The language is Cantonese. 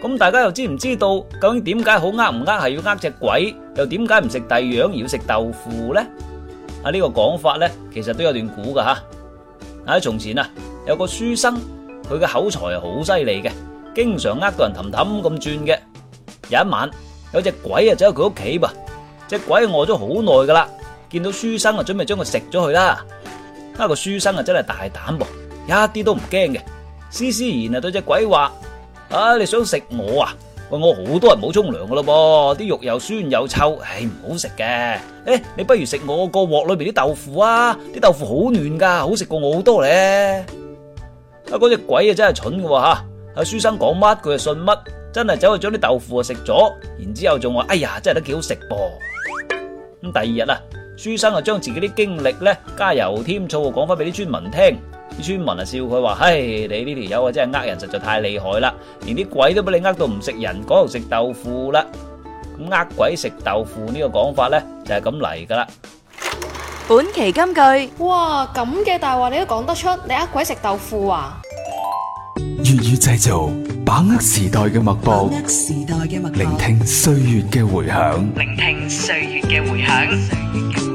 咁大家又知唔知道，究竟點解好呃唔呃，係要呃隻鬼，又點解唔食第二樣，而要食豆腐咧？啊、這個、呢個講法咧，其實都有段估噶吓。喺從前啊，有個書生，佢嘅口才係好犀利嘅，經常呃到人氹氹咁轉嘅。有一晚，有隻鬼啊走喺佢屋企噃，隻鬼餓咗好耐噶啦，見到書生啊，準備將佢食咗佢啦。啊個書生啊，真係大膽噃，一啲都唔驚嘅，施施然啊對隻鬼話。啊！你想食我啊？喂，我好多人冇沖涼噶咯噃，啲肉又酸又臭，唉，唔好食嘅。誒，你不如食我個鑊裏邊啲豆腐啊！啲豆腐好嫩噶，好食過我好多咧、啊那個。啊，嗰隻鬼啊真係蠢嘅吓，阿書生講乜佢就信乜，真係走去將啲豆腐啊食咗，然之後仲話哎呀，真係都幾好食噃。咁第二日啊，書生啊將自己啲經歷咧加油添醋講翻俾啲村民聽。村民啊笑佢話：唉，你呢條友啊真係呃人實在太厲害啦，連啲鬼都俾你呃到唔食人，改行食豆腐啦。咁呃鬼食豆腐呢個講法咧，就係咁嚟噶啦。本期金句，哇，咁嘅大話你都講得出，你呃鬼食豆腐啊？粵語製造，把握時代嘅脈搏，把握時代嘅脈搏，聆聽歲月嘅回響，聆聽歲月嘅回響。